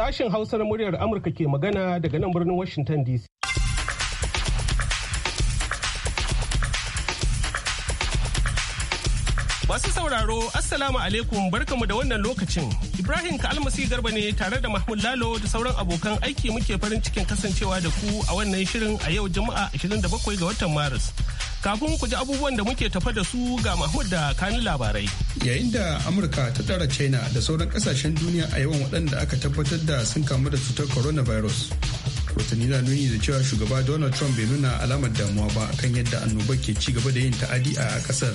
Sashen Hausa na muryar Amurka ke magana daga nan birnin Washington DC. Masu sauraro, Assalamu alaikum barkamu da wannan lokacin. Ibrahim Kalmasi Garba ne tare da Mahmud Lalo da sauran abokan aiki muke farin cikin kasancewa da ku a wannan shirin a yau Juma'a 27 ga watan Maris. Kafin ku ji abubuwan da muke tafa da su ga Mahmud da kanin labarai. Yayin da Amurka ta tara China da sauran kasashen duniya a yawan waɗanda aka tabbatar da sun kamu da cutar coronavirus. Rotani na nuni da cewa shugaba Donald Trump bai nuna alamar damuwa ba kan yadda annobar ke ci gaba da yin ta'adi a ƙasar.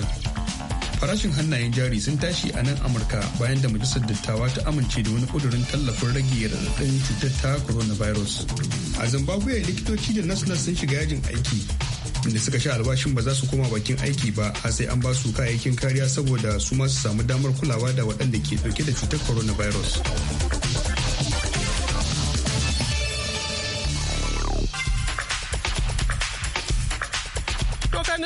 Farashin hannayen jari sun tashi a nan Amurka bayan da majalisar dattawa ta amince da wani ƙudurin tallafin rage raɗaɗin cutar ta coronavirus. A Zimbabwe likitoci da nas sun shiga yajin aiki da suka sha albashin ba za su koma bakin aiki ba a sai an ba su kayayyakin kariya saboda su ma su samu damar kulawa da waɗanda ke dauke da cutar coronavirus.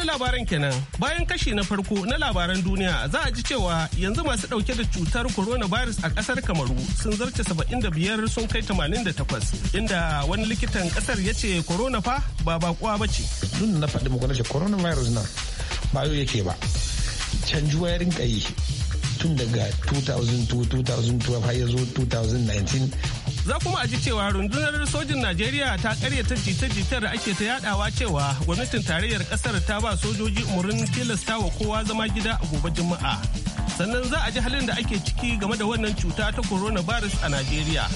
na labaran kenan bayan kashi na farko na labaran duniya za a ji cewa yanzu masu ɗauke da cutar coronavirus a ƙasar Kamaru sun zarce 75 sun kai 88 inda wani likitan ƙasar ya ce corona fa ba bakuwa ba ce. nuna na faɗi muku na ce coronavirus na ba yau yake ba. Canjuwa ya kayi yi tun daga 2002 2012 har ya zo 2019 Za kuma a ji cewa rundunar sojin Najeriya ta karyata jita-jitar da ake ta yadawa cewa gwamnatin tarayyar kasar ta ba sojoji umarnin tilasta wa kowa zama gida a gobe Juma'a. Sannan za a ji halin da ake ciki game da wannan cuta ta coronavirus a Najeriya.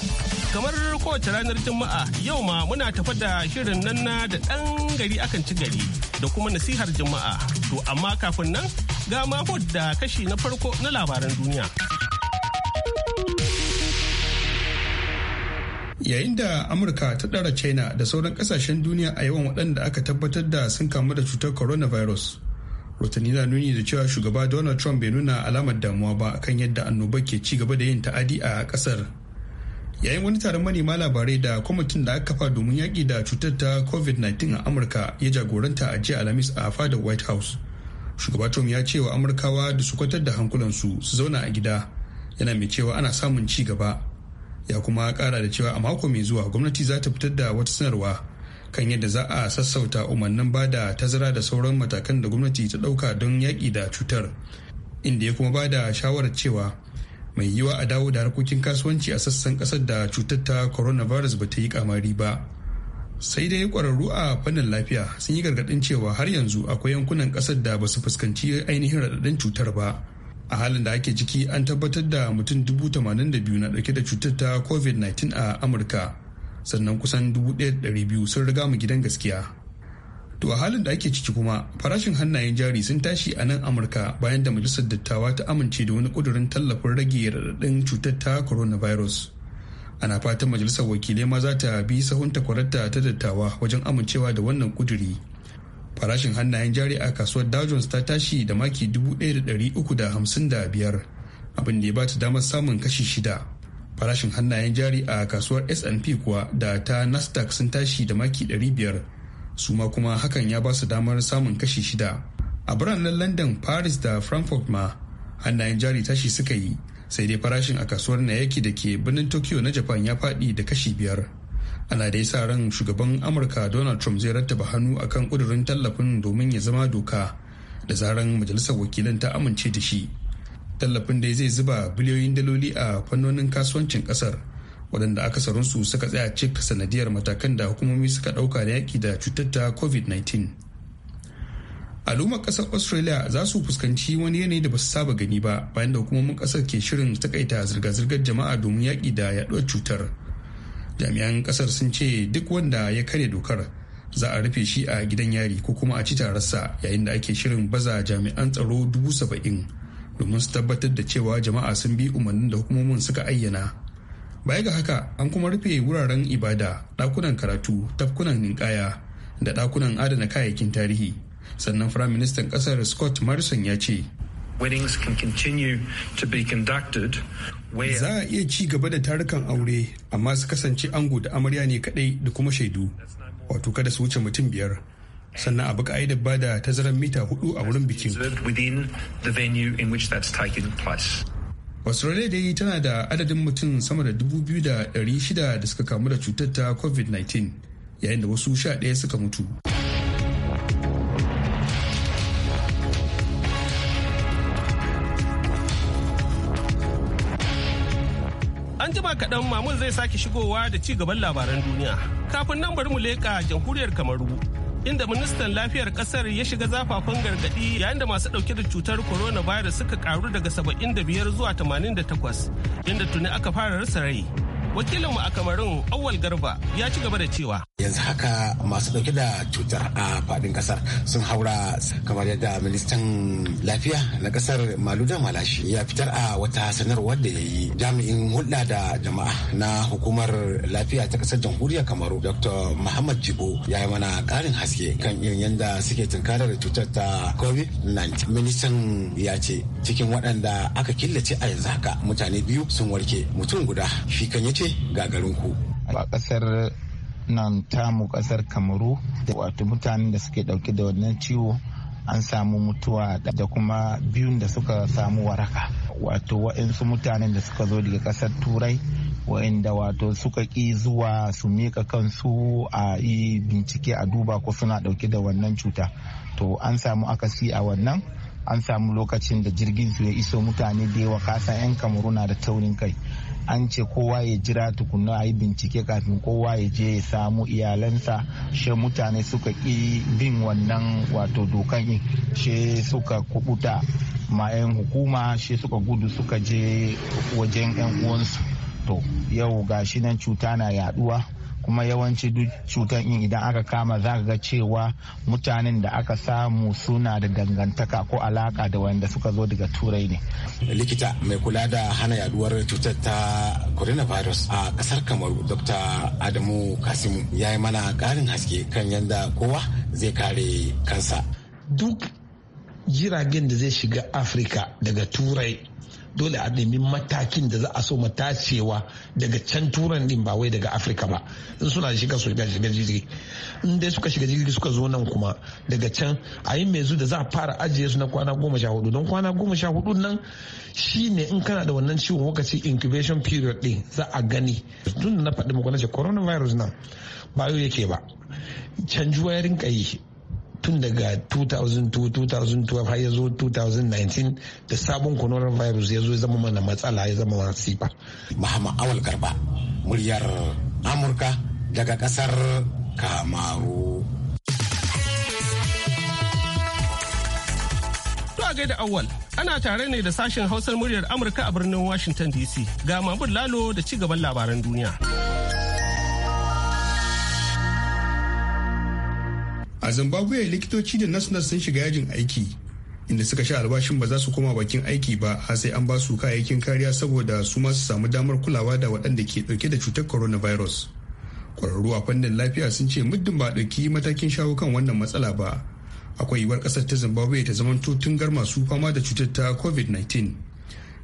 Kamar kowace ranar Juma'a yau ma muna tafa da shirin nan na da ɗan gari akan ci gari da kuma nasihar Juma'a. To amma kafin nan ga mako da kashi na farko na labaran duniya. yayin da amurka ta ɗara china da sauran ƙasashen duniya a yawan waɗanda aka tabbatar da sun kamu da cutar coronavirus rotani na nuni da cewa shugaba donald trump bai nuna alamar damuwa ba kan yadda annoba ke ci gaba da yin ta'adi a ƙasar yayin wani taron manema labarai da kwamitin da aka kafa domin yaƙi da cutar ta covid-19 a amurka ya jagoranta a jiya alhamis a fadar white house shugaba trump ya ce wa amurkawa da su kwatar da hankulansu su zauna a gida yana mai cewa ana samun ci gaba ya kuma kara da cewa a mako mai zuwa gwamnati za ta fitar da wata sanarwa kan yadda za a sassauta umarnin ba da tazara da sauran matakan da gwamnati ta ɗauka don yaƙi da cutar inda ya kuma ba da shawarar cewa mai yiwa a dawo da harkokin kasuwanci a sassan ƙasar da cutar ta coronavirus ba ta yi kamari ba sai dai ƙwararru a fannin lafiya sun yi gargaɗin cewa har yanzu akwai yankunan ƙasar da ba su fuskanci ainihin raɗaɗin cutar ba a halin da ake ciki an tabbatar da mutum biyu na dauke da cutar ta covid-19 a amurka sannan kusan 1,200 sun riga mu gidan gaskiya to a halin da ake ciki kuma farashin hannayen jari sun tashi a nan amurka bayan da majalisar dattawa ta amince da wani kudurin tallafin rage raɗaɗin cutar ta coronavirus ana fatan majalisar wakilai ma za ta bi sahun takwararta ta dattawa wajen amincewa da wannan kuduri farashin hannayen jari a kasuwar Dow Jones ta tashi da maki 1,355 abin da ya bata damar samun kashi shida. Farashin hannayen jari a kasuwar S&P kuwa da ta Nasdaq sun tashi da maki 500 su ma kuma hakan ya ba su damar samun kashi shida. A biranen London, Paris da Frankfurt ma hannayen jari tashi suka yi sai dai farashin a kasuwar na yake da ke birnin Tokyo na Japan ya faɗi da kashi biyar. ana dai sa ran shugaban amurka donald trump zai rattaba hannu akan kudurin tallafin domin ya zama doka da zaran majalisar wakilan ta amince da shi tallafin dai zai zuba biliyoyin daloli a fannonin kasuwancin kasar waɗanda akasarinsu suka tsaya cika sanadiyar matakan da hukumomi suka ɗauka da yaƙi da cutar ta covid-19 al'ummar ƙasar australia za su fuskanci wani yanayi da ba su saba gani ba bayan da hukumomin ƙasar ke shirin takaita zirga-zirgar jama'a domin yaƙi da yaɗuwar cutar jami'an kasar sun ce duk wanda ya kare dokar za a rufe shi a gidan yari ko kuma a ci tararsa yayin da ake shirin baza jami'an tsaro dubu saba'in domin su tabbatar da cewa jama'a sun bi umarnin da hukumomin suka ayyana baya ga haka an kuma rufe wuraren ibada dakunan karatu tafkunan ninkaya da dakunan adana kayayyakin tarihi sannan firaministan kasar scott morrison ya ce weddings can be conducted za a iya ci gaba da tarukan aure amma su kasance ango da amarya ne kadai da kuma shaidu wato kada su wuce mutum biyar sannan abu ka'idar ba da tazarar mita hudu a wurin bikin australia dai tana da adadin mutum sama da dubu biyu da da suka kamu da cutar ta covid-19 yayin da wasu sha ɗaya suka mutu An jima kaɗan Mamun zai sake shigowa da ci gaban labaran duniya. Kafin nan bari mu leƙa jamhuriyar Kamaru. Inda ministan lafiyar ƙasar ya shiga zafafan gargaɗi yayin da masu ɗauke da cutar coronavirus suka ƙaru daga biyar zuwa tamanin da takwas. inda tuni aka fara rasa rai. wakilinmu a kamarun awal garba ya ci gaba da cewa yanzu haka masu dauke da cutar a fadin kasar sun haura kamar yadda ministan lafiya na kasar maluda malashi ya fitar a wata sanarwar da ya yi jami'in hulɗa da jama'a na hukumar lafiya ta kasar jamhuriyar kamaru dr muhammad jibo ya yi mana karin haske kan irin yadda suke tunkarar cutar ta covid-19 ministan ya ce cikin waɗanda aka killace a yanzu haka mutane biyu sun warke mutum guda shi kan ya ce ce ga garin ku a kasar nan tamu kasar kamaru wato mutanen da suke dauke da wannan ciwo an samu mutuwa da kuma biyun da suka samu waraka wato wa'insu mutanen da suka zo daga kasar turai wa'inda wato suka ƙi zuwa su miƙa kansu a yi bincike a duba ko suna ɗauke da wannan cuta to an samu akasi a wannan an samu lokacin da jirgin su ya iso mutane da yawa kasan 'yan kamaru na da taurin kai an ce kowa ya jira tukunna a yi bincike kafin kowa ya je ya samu iyalansa shi mutane suka ƙi bin wannan wato dokan yi she suka kubuta ma 'yan hukuma shi suka gudu suka je wajen 'yan uwansu to yau gashi nan cuta na yaduwa kuma yawanci duk cutar in idan aka kama za ga cewa mutanen da aka samu suna da dangantaka ko alaka da wanda suka zo daga turai ne likita mai kula da hana yaduwar cutar ta coronavirus a kasar kamaru dr adamu kasimu ya yi mana karin haske kan yadda kowa zai kare kansa duk jiragen da zai shiga afirka daga turai dole a nemi matakin da za a so matacewa daga can turan din ba wai daga afirka ba in suna shiga su shiga jirgi in dai suka shiga jirgi suka zo nan kuma daga can a yi mezu da za a fara ajiye su na kwana goma sha hudu don kwana goma sha hudu nan shine in kana da wannan ciwon wakacin incubation period din za a gani tun na faɗi muku na ce coronavirus nan ba yau yake ba canjuwa ya rinka yi tun daga 2002 2012 har ya zo 2019 da sabon coronavirus ya zo ya zama mana matsala ya zama masifa. Mahama Awal Garba muryar Amurka daga kasar Kamaru. To da Awal ana tare ne da sashen hausar muryar Amurka a birnin Washington DC ga Mahmud Lalo da ci gaban labaran duniya. a zimbabwe likitoci da nas nas sun shiga yajin aiki inda suka sha albashin ba za su koma bakin aiki ba har sai an ba su kayayyakin kariya saboda su ma su samu damar kulawa da waɗanda ke ɗauke da cutar coronavirus kwararru a fannin lafiya sun ce muddin ba ɗauki matakin shawo kan wannan matsala ba akwai yiwuwar ƙasar ta zimbabwe ta zama tungar masu fama da cutar ta covid-19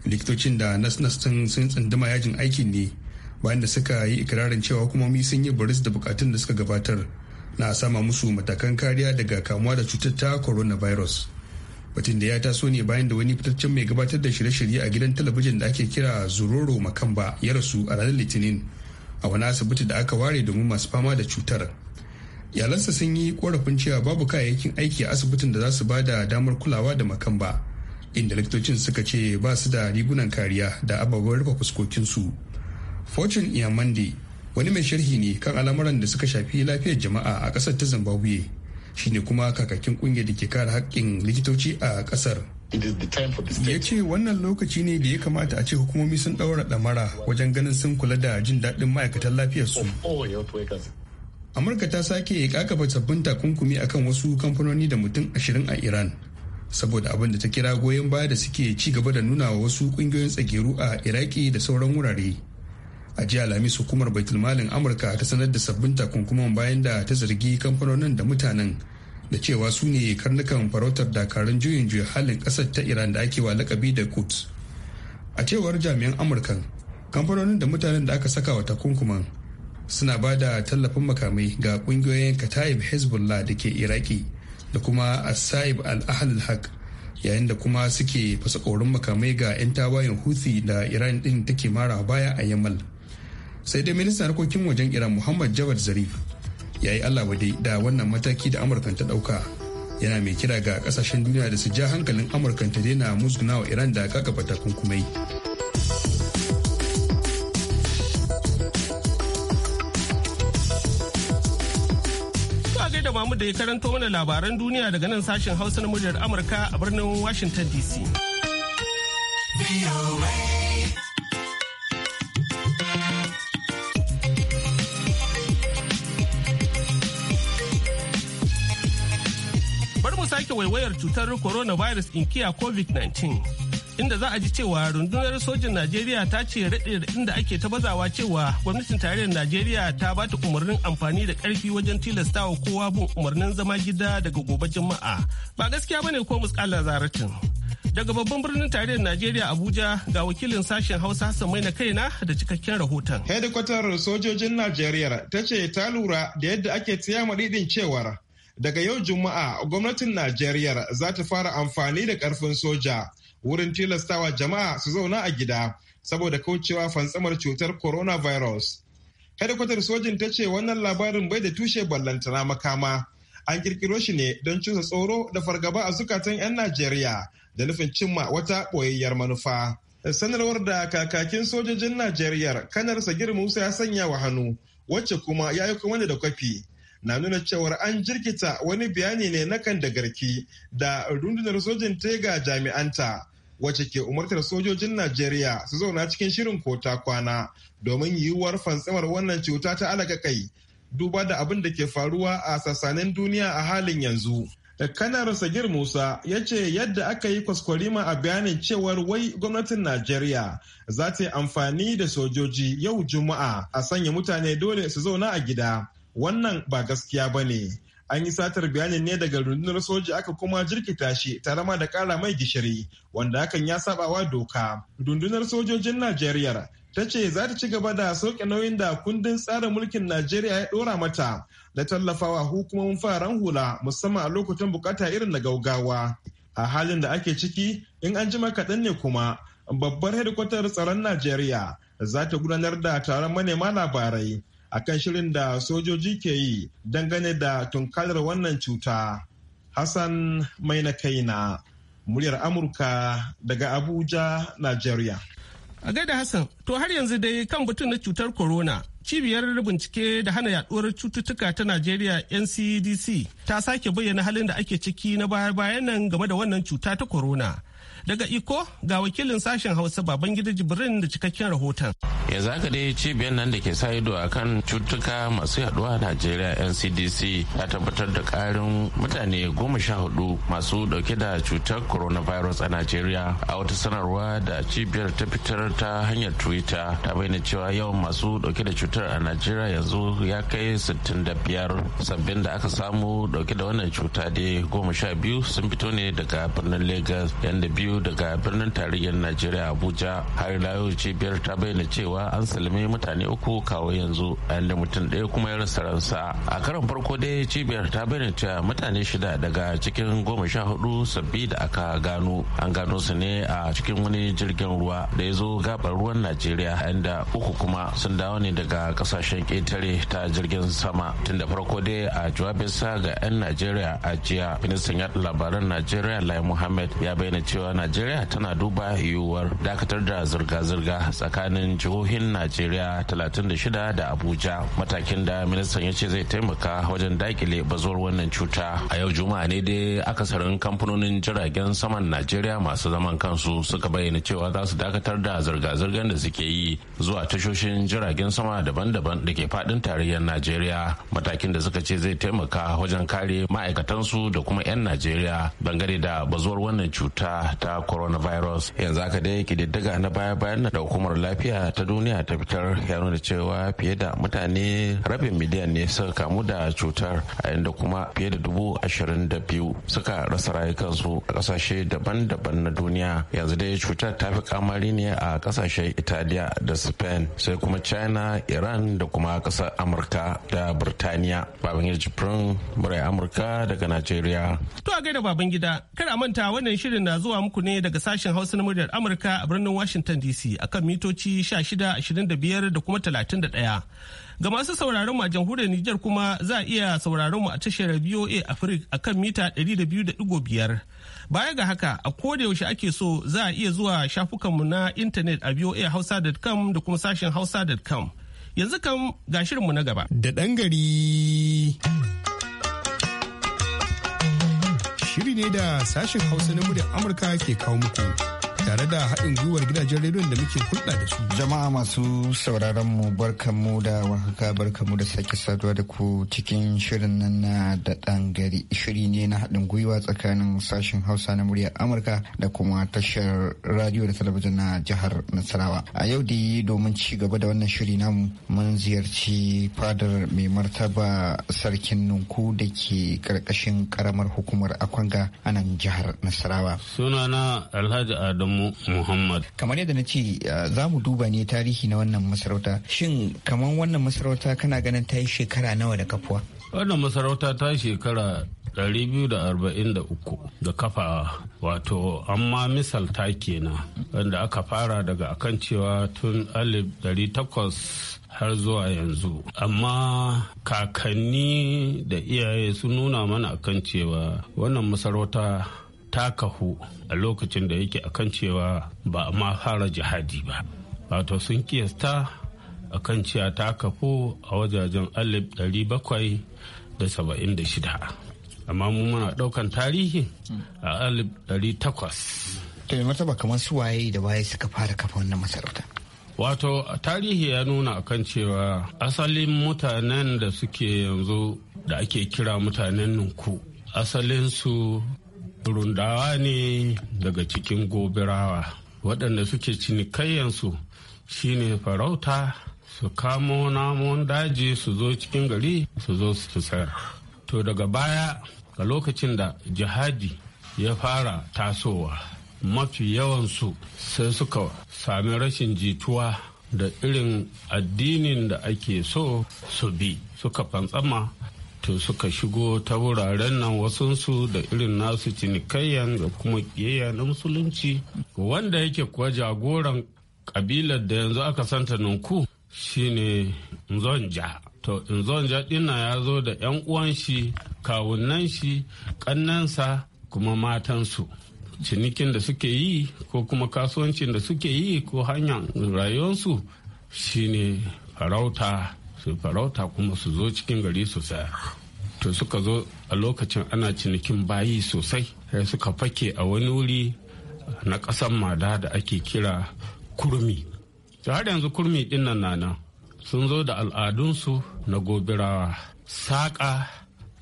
likitocin da nas-nas sun tsunduma yajin aikin ne bayan da suka yi ikirarin cewa hukumomi sun yi baris da bukatun da suka gabatar na sama musu matakan kariya daga kamuwa da cutar ta coronavirus batun da ya taso ne bayan da wani fitaccen mai gabatar da shirye-shirye a gidan talabijin da ake kira zuroro makamba ya rasu a ranar litinin a wani asibiti da aka ware domin masu fama da cutar iyalansa sun yi korafin cewa babu kayayyakin aiki a asibitin da za su ba da damar kulawa da makamba inda likitocin suka ce ba su da rigunan kariya da ababen rufe fuskokinsu fortune iyamande wani mai sharhi ne kan al'amuran da suka shafi lafiyar jama'a a kasar ta zimbabwe ne kuma kakakin kungiyar da ke kare haƙƙin likitoci a kasar. ya ce wannan lokaci ne da ya kamata a ce hukumomi sun ɗaura ɗamara wajen ganin sun kula da jin daɗin ma'aikatan lafiyar su. amurka ta sake kakaba sabbin takunkumi akan wasu kamfanoni da mutum ashirin a iran saboda abin da ta kira goyon baya da suke ci gaba da nuna wa wasu kungiyoyin tsageru a iraki da sauran wurare a jiya alhamis hukumar baitulmalin amurka ta sanar da sabbin takunkuman bayan da ta zargi kamfanonin da mutanen da cewa su ne karnukan farautar dakarun juyin juya halin kasar ta iran da ake wa lakabi da kut a cewar jami'an amurkan kamfanonin da mutanen da aka saka wa takunkuman suna ba da tallafin makamai ga kungiyoyin kataib hezbollah da ke iraki da kuma asaib al-ahl haq yayin da kuma suke fasa korin makamai ga 'yan tawayen houthi da iran din take mara baya a yamal sai dai ministan harkokin wajen iran muhammad jawad zarif ya yi allah wade da wannan mataki da amurkan ta dauka yana mai kira ga kasashen duniya da su ja hankalin amurkan ta daina wa iran da kakaba takunkumai gaida mamu da ya karanto mana labaran duniya daga nan sashen hausa na muryar amurka a birnin washington dc. sake waiwayar cutar coronavirus inkiya covid-19 inda za a ji cewa rundunar sojin najeriya ta ce raɗe da inda ake ta bazawa cewa gwamnatin tarayyar najeriya ta ba ta umarnin amfani da ƙarfi wajen tilastawa kowa bin umarnin zama gida daga gobe jama'a. ba gaskiya ba ne ko muskala zaratin daga babban birnin tarayyar najeriya abuja ga wakilin sashen hausa hassan mai na kaina da cikakken rahoton hedikwatar sojojin najeriya ta ce ta lura da yadda ake tsaya maɗiɗin cewar daga yau juma'a gwamnatin najeriya za ta fara amfani da karfin soja wurin tilastawa jama'a su zauna a gida saboda kaucewa fantsamar cutar coronavirus hedikwatar sojin ta ce wannan labarin bai da tushe ballantana makama an kirkiro shi ne don cusa tsoro da fargaba a zukatan 'yan najeriya da nufin cimma wata ɓoyayyar manufa sanarwar da kakakin sojojin najeriya kanar sagir musa ya sanya wa hannu wacce kuma ya yi kuma da kwafi na nuna cewar an jirkita wani bayani ne na kan da garki da rundunar sojin tega jami'anta wacce ke umartar sojojin najeriya su zauna cikin shirin kota kwana domin yiwuwar fantsamar wannan cuta ta alaka kai duba da abin da ke faruwa a sassanin duniya a halin yanzu kanar sagir musa ya ce yadda aka yi kwaskwarima a bayanin cewar wai gwamnatin najeriya za ta yi amfani da sojoji yau juma'a a sanya mutane dole su zauna a gida wannan ba gaskiya ba ne an yi satar bayanin ne daga rundunar soja aka kuma jirkita shi tare ma da kara mai gishiri wanda hakan ya sabawa doka rundunar sojojin najeriya ta ce za ta ci gaba da sauke nauyin da kundin tsarin mulkin najeriya ya dora mata da tallafawa hukumomin faran hula musamman a lokutan bukata irin na gaugawa a halin da ake ciki in an jima kaɗan ne kuma babbar hedikwatar tsaron najeriya za ta gudanar da taron manema labarai akan shirin da sojoji ke yi dangane da tunkarar wannan cuta. Hassan mai na kai na muryar Amurka daga Abuja, Najeriya. A gaida Hassan, to har yanzu dai kan batun na cutar corona, cibiyar bincike da hana yaduwar cututtuka ta Najeriya NCDC ta sake bayyana halin da ake ciki na baya-bayan nan game da wannan cuta ta corona. Daga Iko ga wakilin sashen Hausa baban gida Jibrin da cikakken rahoton. Yanzu haka dai cibiyar nan da ke sa ido a kan cutuka masu yaduwa a Najeriya NCDC ta tabbatar da karin mutane goma sha hudu masu dauke da cutar coronavirus a Najeriya a wata sanarwa da cibiyar ta fitar ta hanyar Twitter ta bayyana cewa yawan masu dauke da cutar a Najeriya yanzu ya kai sittin da biyar sabbin da aka samu dauke da wannan cuta dai goma sha biyu sun fito ne daga birnin Lagos yanda biyu biyu daga birnin tarayyar najeriya abuja har layo cibiyar ta bayyana cewa an salami mutane uku kawo yanzu inda mutum ɗaya kuma ya rasa ransa a karon farko dai cibiyar ta bayyana cewa mutane shida daga cikin goma sha hudu sabbi da aka gano an gano su ne a cikin wani jirgin ruwa da ya zo gabar ruwan najeriya inda uku kuma sun dawo ne daga kasashen ƙetare ta jirgin sama tun da farko dai a jawabinsa ga 'yan najeriya a jiya ministan yaɗa labaran najeriya lai muhammad ya bayyana cewa najeriya tana duba yiwuwar dakatar da zirga-zirga tsakanin jihohin najeriya 36 da abuja matakin da ministan ya ce zai taimaka wajen dakile bazuwar wannan cuta a yau juma'a ne dai akasarin kamfanonin jiragen saman najeriya masu zaman kansu suka bayyana cewa za su dakatar da zirga-zirgar da suke yi zuwa tashoshin jiragen sama daban-daban da ke fadin tarayyar najeriya matakin da suka ce zai taimaka wajen kare ma'aikatansu da kuma 'yan najeriya bangare da bazuwar wannan cuta ta ta coronavirus yanzu aka dai kididdiga na baya bayan da hukumar lafiya ta duniya ta fitar ya nuna cewa fiye da mutane rabin miliyan ne suka kamu da cutar a yanda kuma fiye da dubu ashirin da biyu suka rasa rayukansu a kasashe daban-daban na duniya yanzu dai cutar ta fi kamari ne a kasashen italiya da spain sai kuma china iran da kuma kasar amurka da birtaniya babangida jibrin murai amurka daga nigeria to a gaida babangida kada manta wannan shirin na zuwa muku muku ne daga sashen Hausa na muryar Amurka a birnin Washington DC akan mitoci 1625 da kuma 31. Ga masu sauraron mu a jamhuriyar Nijar kuma za a iya sauraron mu a tashar VOA Africa akan mita 200.5. Baya ga haka a koda yaushe ake so za a iya zuwa shafukanmu na intanet a voahausa.com da kuma sashen hausa.com. Yanzu kam ga shirinmu na gaba. Da ɗan gari. Shiri ne da sashen Hausa na muryar Amurka ke kawo muku. tare da haɗin gwiwar gidajen rediyon da muke hulɗa da su. Jama'a masu sauraron mu mu da warhaka mu da sake saduwa da ku cikin shirin nan na da ɗan gari shiri ne na haɗin gwiwa tsakanin sashen Hausa na muryar Amurka da kuma tashar radio da talabijin na jihar Nasarawa. A yau da yi domin ci gaba da wannan shiri namu mun ziyarci fadar mai martaba sarkin Nunku da ke karkashin karamar hukumar Akwanga a nan jihar Nasarawa. Sunana Alhaji Adamu Muhammad. Kamar yadda na ce uh, za mu duba ne tarihi na wannan masarauta. Shin kamar wannan masarauta kana ganin ta yi shekara nawa da kafuwa? Wannan masarauta ta shekara 243 da kafa wato amma misalta kenan wanda aka fara daga akan cewa tun alif takwas har zuwa yanzu amma kakanni da iyaye sun nuna mana akan cewa wannan masarauta ta kahu a lokacin da yake akan cewa ba a ma fara jihadi ba wato sun kiyasta kan cewa ta kahu a wajajen alif bakwai da saba'in da shida amma mu muna ɗaukan tarihi a alif dari takwas to mai martaba kamar su waye da waye suka fara kafa wannan masarauta wato tarihi ya nuna akan cewa asalin mutanen da suke yanzu da ake kira mutanen ninku asalinsu rundawa ne daga cikin gobirawa waɗanda suke cinikayyansu shine farauta su kamo namun daji su zo cikin gari su zo su sayar to daga baya ga lokacin da jihadi ya fara tasowa mafi yawansu sai suka sami rashin jituwa da irin addinin da ake so su bi suka fantsama wato suka shigo ta wuraren nan wasunsu da irin nasu cinikayyan da kuma kiyayya na musulunci wanda yake kuwa jagoran kabilar da yanzu aka santa ninku shine nzonja to nzonja dinna ya zo da 'yan uwan shi kawunan shi kannansa kuma matansu cinikin da suke yi ko kuma kasuwancin da suke yi ko hanyar rayuwarsu shine farauta su farauta kuma su zo cikin gari su sayar to suka zo a lokacin ana cinikin bayi sosai sai suka fake a wani wuri na ƙasan mada da ake kira kurmi to har yanzu kurmi din nan nan sun zo da al'adunsu na gobirawa saƙa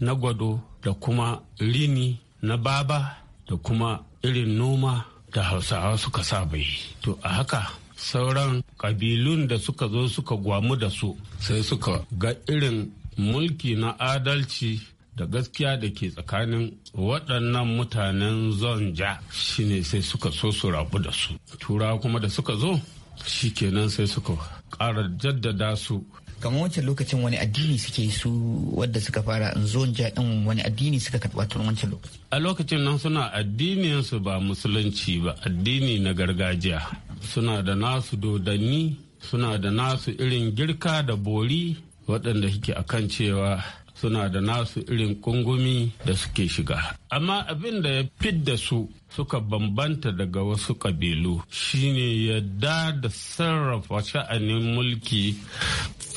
na gwado da kuma rini na baba da kuma irin noma da hausawa suka sa yi to a haka sauran kabilun da suka zo suka gwamu da su sai suka ga irin mulki na adalci da gaskiya da ke tsakanin waɗannan mutanen zonja shine sai suka so su rabu da su turawa kuma da suka zo shikenan sai suka ƙara jaddada su kamar wancan lokacin wani addini suke su wadda suka fara zonja din wani addini suka karɓa tun wancan lokacin a lokacin nan suna addininsu ba musulunci ba addini na gargajiya suna da nasu dodanni suna da nasu irin girka da bori waɗanda suke kan cewa suna da nasu irin kungumi da suke shiga amma abin da ya fidda su suka bambanta daga wasu ƙabilu shine yadda da sarrafa sha'anin mulki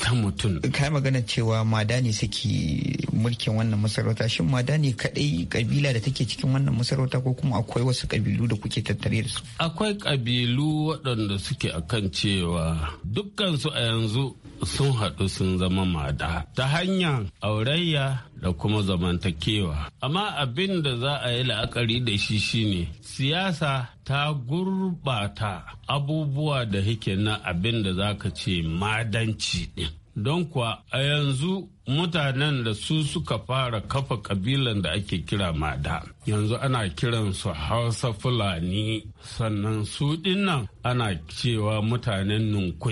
ta mutum. Kai magana cewa madani suke mulkin wannan masarauta shin madani kadai kabila da take cikin wannan masarauta ko kuma akwai wasu kabilu da kuke tattare da su? Akwai kabilu waɗanda suke akan cewa dukkansu a yanzu sun haɗu sun zama mada ta hanyar aurayya da kuma zamantakewa. Amma abin da za a yi la'akari da shi shine siyasa ta gurbata abubuwa da hike na abin da za ka ce madanci ɗin. Don kuwa a yanzu mutanen da su suka fara kafa kabilan da ake kira mada yanzu ana kiran su hausa fulani sannan su dinnan ana cewa mutanen nunku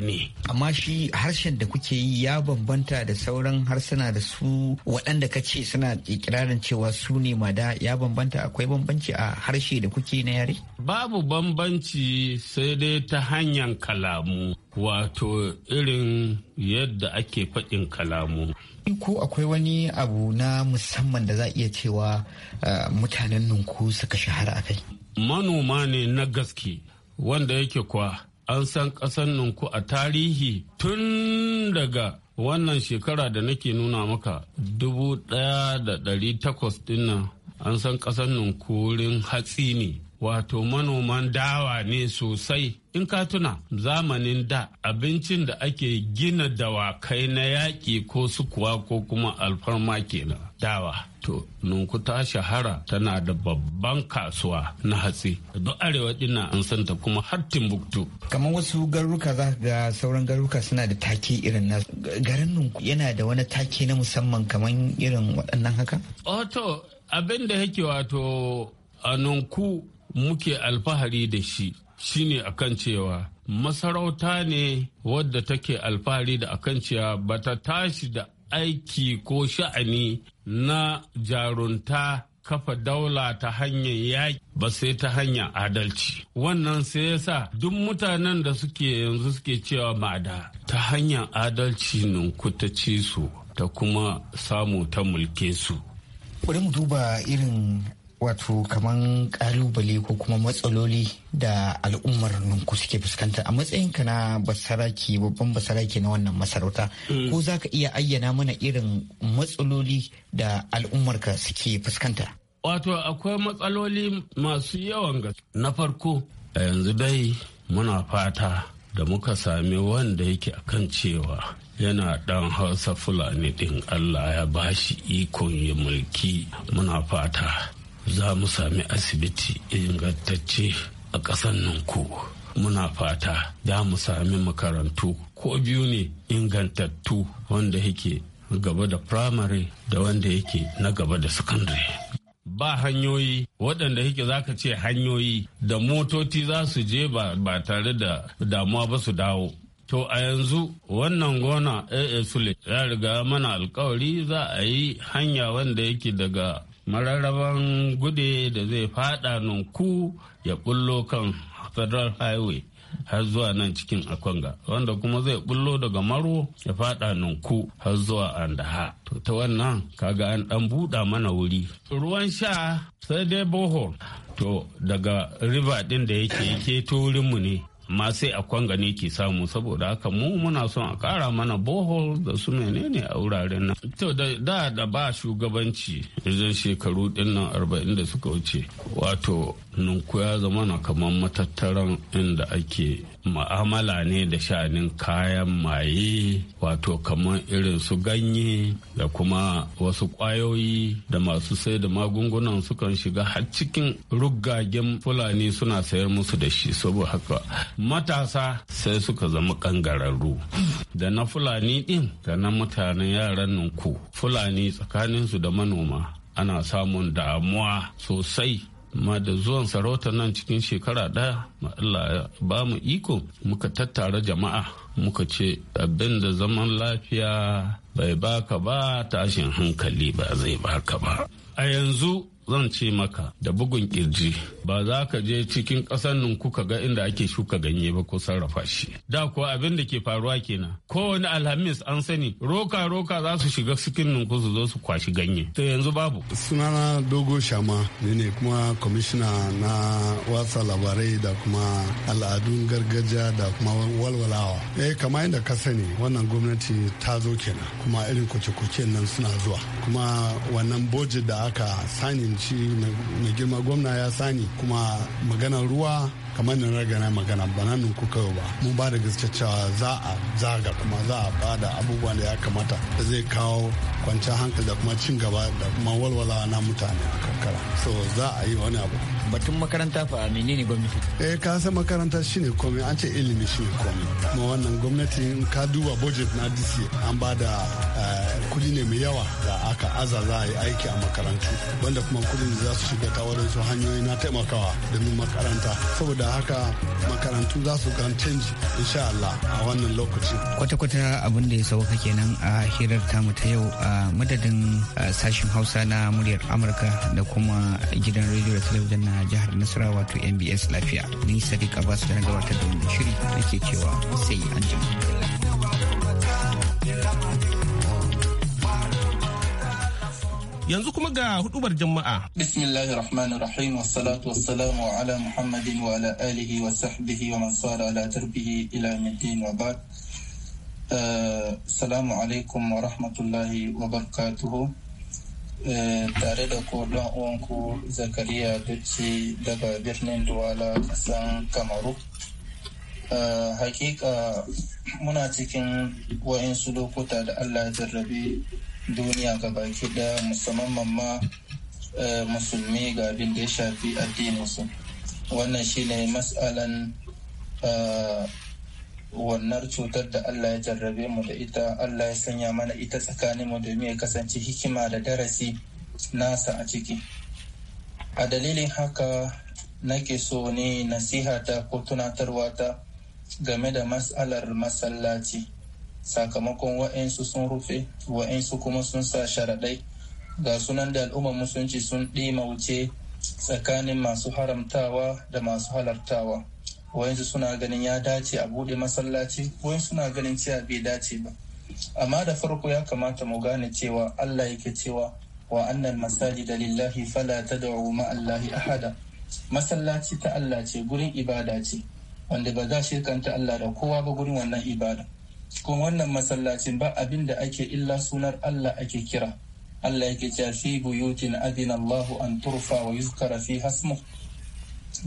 amma shi harshen da kuke yi ya bambanta da sauran harsuna da su waɗanda ka ce suna ikirarin cewa su ne mada ya bambanta akwai bambanci a harshe da kuke na yare babu bambanci sai dai ta hanyar kalamu wato irin yadda ake faɗin kalamu ko akwai wani abu na musamman da za a iya cewa eh, mutanen nunku suka shahara a kai manoma ne na gaske wanda yake kwa an san ƙasar nunku a tarihi tun daga wannan shekara da nake nuna maka dubu ɗaya da ɗari takwas ɗin nan an san ƙasar nunku wurin hatsi ne wato manoman dawa ne sosai in ka tuna zamanin da abincin da ake gina dawakai na yaƙi ko sukuwa ko kuma alfarma kenan dawa to nunkuta shahara tana da babban kasuwa na hatsi duk arewa dina an santa kuma har timbuktu kamar wasu garuruka za ga sauran garuruka suna da take irin na garin nunku yana da wani take na musamman kamar irin waɗannan haka? oto abin da yake wato a nunku muke alfahari da shi shine akan cewa masarauta ne wadda take alfahari da akan cewa ba ta tashi da aiki ko sha'ani na jarunta kafa daula ta hanyar yaƙi ba sai ta hanyar adalci wannan sai ya sa duk mutanen da suke yanzu suke cewa ma'ada ta hanyar adalci ta ci su ta kuma samu ta mulke su bari mu duba irin wato kaman kalubale ko kuma matsaloli da al'ummar nunku suke fuskanta a matsayinka na basaraki babban basaraki na wannan masarauta mm. ko za ka iya ayyana mana irin matsaloli da al'ummarka suke fuskanta wato akwai matsaloli masu yawan gaske na farko a yanzu dai muna fata da muka sami wanda yake akan cewa yana dan hausa fulani din allah ya bashi ikon ya mulki muna fata za mu sami asibiti ingantacce a ƙasan nan ku. muna fata za mu sami makarantu ko biyu ne ingantattu wanda yake gaba da firamare da wanda yake na gaba da sakandare. ba hanyoyi waɗanda yake zaka ce hanyoyi da motoci za su je ba tare da damuwa ba su dawo To a yanzu wannan gona AA Sule ya riga mana alkawari za a yi hanya wanda yake daga mararraban gude da zai fada nunku ya bullo kan federal highway har zuwa nan cikin akwanga wanda kuma zai bullo daga maro ya fada nunku har zuwa andaha to ta wannan kaga an dan buɗa mana wuri ruwan sha sai dai boho to daga river din da yake yake to wurinmu ne ma sai a kwangani ke samu saboda haka mu muna son a kara mana bohol da su menene a wuraren nan to da da ba shugabanci yanzu shekaru dinnan arba'in da suka wuce wato nunku ya zama na kamar matattaran inda ake ma'amala ne da sha'anin kayan maye wato kamar irin su ganye da kuma wasu kwayoyi da masu sai da magungunan sukan shiga har cikin ruggagen fulani suna sayar musu da shi saboda haka matasa sai suka zama kangararru da na fulani ɗin da na mutanen yaran ninku fulani tsakaninsu da manoma ana samun damuwa sosai ma da zuwan sarauta nan cikin shekara ɗaya Allah ba mu iko muka tattara jama'a muka ce abin da zaman lafiya bai baka ba tashin hankali ba zai baka ba a yanzu zan ce maka da bugun kirji ba za ka je cikin kasar nan kuka ga inda ake shuka ganye ba ko sarrafa shi da kuwa abin da ke faruwa kenan kowane alhamis an sani roka roka za su shiga cikin nan ku su zo su kwashi ganye to yanzu babu sunana dogo shama ne ne kuma kwamishina na wasa labarai da kuma al'adun gargajiya da kuma walwalawa eh kamar yadda ka sani wannan gwamnati ta zo kenan kuma irin kuce-kuce nan suna zuwa kuma wannan boji da aka sani ci girma gwamna ya sani kuma maganar ruwa kamar da na gana magana bana nan ku kawai ba mun ba da gaske cewa za a zaga kuma za a ba da abubuwan da ya kamata da zai kawo kwanciyar hankali da kuma cin gaba da kuma walwala na mutane a karkara so za a yi wani abu batun makaranta fa menene gwamnati eh ka san makaranta shine komai an ce ilimi shine komai kuma wannan gwamnati in ka duba budget na DC an ba da eh, kudi ne mai yawa da aka aza za a yi aiki a makarantu wanda kuma kudin za su shiga ta wadansu hanyoyi na taimakawa domin makaranta saboda da haka makarantu za su kan canji insha Allah a wannan lokaci. Kwata-kwata abin da ya sauka kenan a hirar tamu ta yau a madadin sashen Hausa na muryar Amurka da kuma gidan rediyo da talabijin na jihar nasara wato NBS lafiya. Ni Sadiq Abbas da na gabatar da wani shiri nake cewa sai an jima. yanzu kuma ga hudubar jama'a bismillahir rahmanir rahim wassalatu wassalamu ala muhammadin wa ala alihi wa sahbihi wa man sara ala tarbihi ila yawmiddin wa ba'd assalamu uh, alaikum wa rahmatullahi wa barakatuhu uh, tare da ku dan uwanku zakariya dace daga birnin duwala kasan kamaru uh, hakika muna cikin wa'insu lokuta da allah ya jarrabe duniya gabaki da musamman ma eh, musulmi ga abin da ya shafi addininsu wannan shine matsalan eh, wannan cutar da Allah ya jarrabe mu da ita Allah ya sanya mana ita tsakanin mu domin ya kasance hikima da darasi nasa a ciki a dalilin haka nake so ne nasiha ta ko tunatarwa ta game da matsalar masallaci sakamakon wa'insu sun rufe wa'insu kuma sun sa sharaɗai ga sunan da al'ummar musulunci sun ɗima wuce tsakanin masu haramtawa da masu halartawa wayansu suna ganin ya dace a buɗe masallaci wayansu suna ganin cewa bai dace ba amma da farko ya kamata mu gane cewa Allah yake cewa wa masaji da lillahi fala ta ma Allahi ahada masallaci ta Allah ce gurin ibada ce wanda ba za shirkanta Allah da kowa ba gurin wannan ibada cikin wannan masallacin ba abin da ake illa sunar Allah ake kira Allah yake cewa fi buyutin adina Allahu an turfa wa yuzkara fi hasmu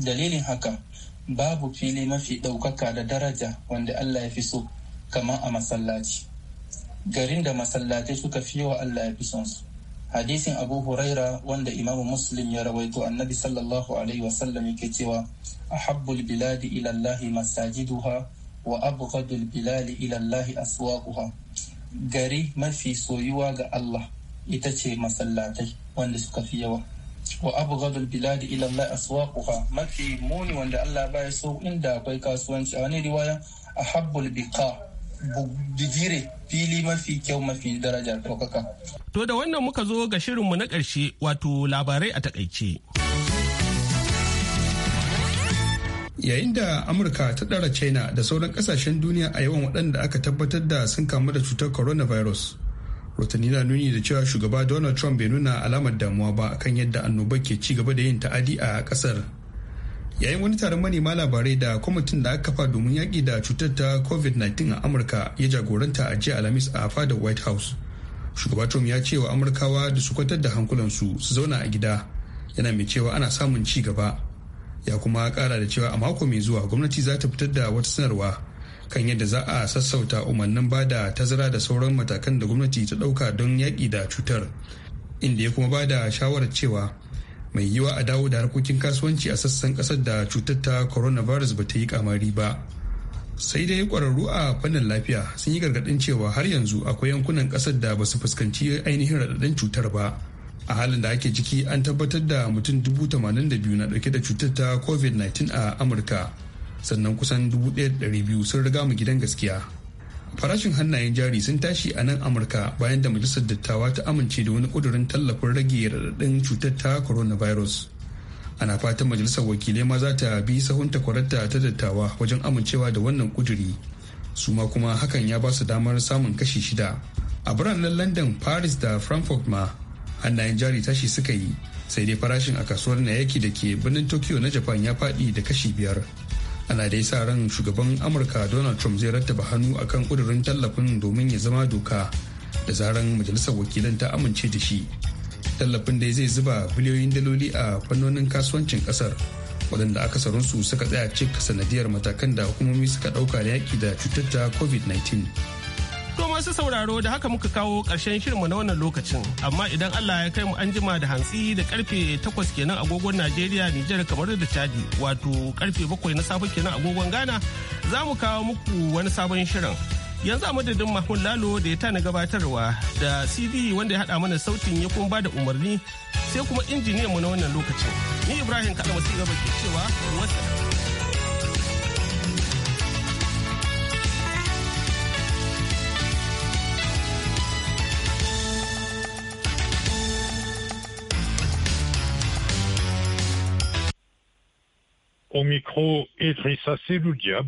dalilin haka babu fili mafi ɗaukaka da daraja wanda Allah ya fi so kamar a masallaci garin da masallatai suka fi wa Allah ya fi son su hadisin abu huraira wanda imam muslim ya rawaito annabi sallallahu alaihi wasallam yake cewa ahabbul biladi ila Allah masajiduha wa abghadul bilali ila Allah aswaquha gari mafi soyuwa ga Allah ita ce masallatai wanda suka fi yawa wa abghadul biladi ila Allah aswaquha mafi muni wanda Allah baya so inda akwai kasuwanci a wani riwaya ahabbul biqa bugire fili mafi kyau mafi daraja ɗaukaka. To da wannan muka zo ga shirinmu na ƙarshe wato labarai a takaice. yayin da amurka ta ɗara china da sauran ƙasashen duniya a yawan waɗanda aka tabbatar da sun kamu da cutar coronavirus rotani na nuni da cewa shugaba donald trump bai nuna alamar damuwa ba kan yadda annoba ke ci gaba da yin ta'adi a ƙasar yayin wani taron manema labarai da kwamitin da aka kafa domin yaƙi da cutar ta covid-19 a amurka ya jagoranta a jiya alhamis a fadar white house shugaba trump ya ce wa amurkawa da su kwantar da hankulansu su zauna a gida yana mai cewa ana samun ci gaba ya kuma kara da cewa a mako mai zuwa gwamnati za ta fitar da wata sanarwa kan yadda za a sassauta umarnin ba da tazara da sauran matakan da gwamnati ta ɗauka don yaƙi da cutar inda ya kuma ba da shawarar cewa mai yiwa a dawo da harkokin kasuwanci a sassan ƙasar da cutar ta coronavirus ba ta yi kamari ba sai dai kwararru a fannin lafiya sun yi gargaɗin cewa har yanzu akwai yankunan ƙasar da ba su fuskanci ainihin raɗaɗin cutar ba a halin da ake ciki an tabbatar da mutum 82 na dauke da cutar ta covid-19 a amurka sannan kusan 1,200 sun riga mu gidan gaskiya farashin hannayen jari sun tashi a nan amurka bayan da majalisar dattawa ta amince da wani kudurin tallafin rage raɗaɗin cutar ta coronavirus ana fatan majalisar wakilai ma za ta bi sahun takwararta ta dattawa wajen amincewa da wannan kuduri su ma kuma hakan ya ba su damar samun kashi shida a biranen london paris da frankfurt ma hannayen jari tashi suka yi sai dai farashin a kasuwar nayaki da ke birnin tokyo na japan ya faɗi da kashi biyar ana dai sa ran shugaban amurka donald trump zai rattaba hannu akan kudurin tallafin domin ya zama doka da zaran majalisar wakilan ta amince da shi tallafin dai zai zuba biliyoyin daloli a fannonin kasuwancin kasar waɗanda akasarinsu suka tsaya cika sanadiyar matakan da hukumomi suka ɗauka da yaƙi da cutar ta covid-19 To masu sauraro da haka muka kawo ƙarshen shirinmu na wannan lokacin, amma idan Allah ya kai mu an jima da hantsi da karfe takwas kenan agogon Najeriya, Nijar kamar da Chadi, wato karfe bakwai na safe kenan agogon Ghana, za mu kawo muku wani sabon shirin. Yanzu a madadin Mahmud Lalo da ya tana gabatarwa da CD wanda ya haɗa mana sautin ya kuma bada umarni sai kuma injiniyan mu na wannan lokacin. Ni Ibrahim Kalmasi gaba ke cewa wasu. au micro Idrissa Seloudia.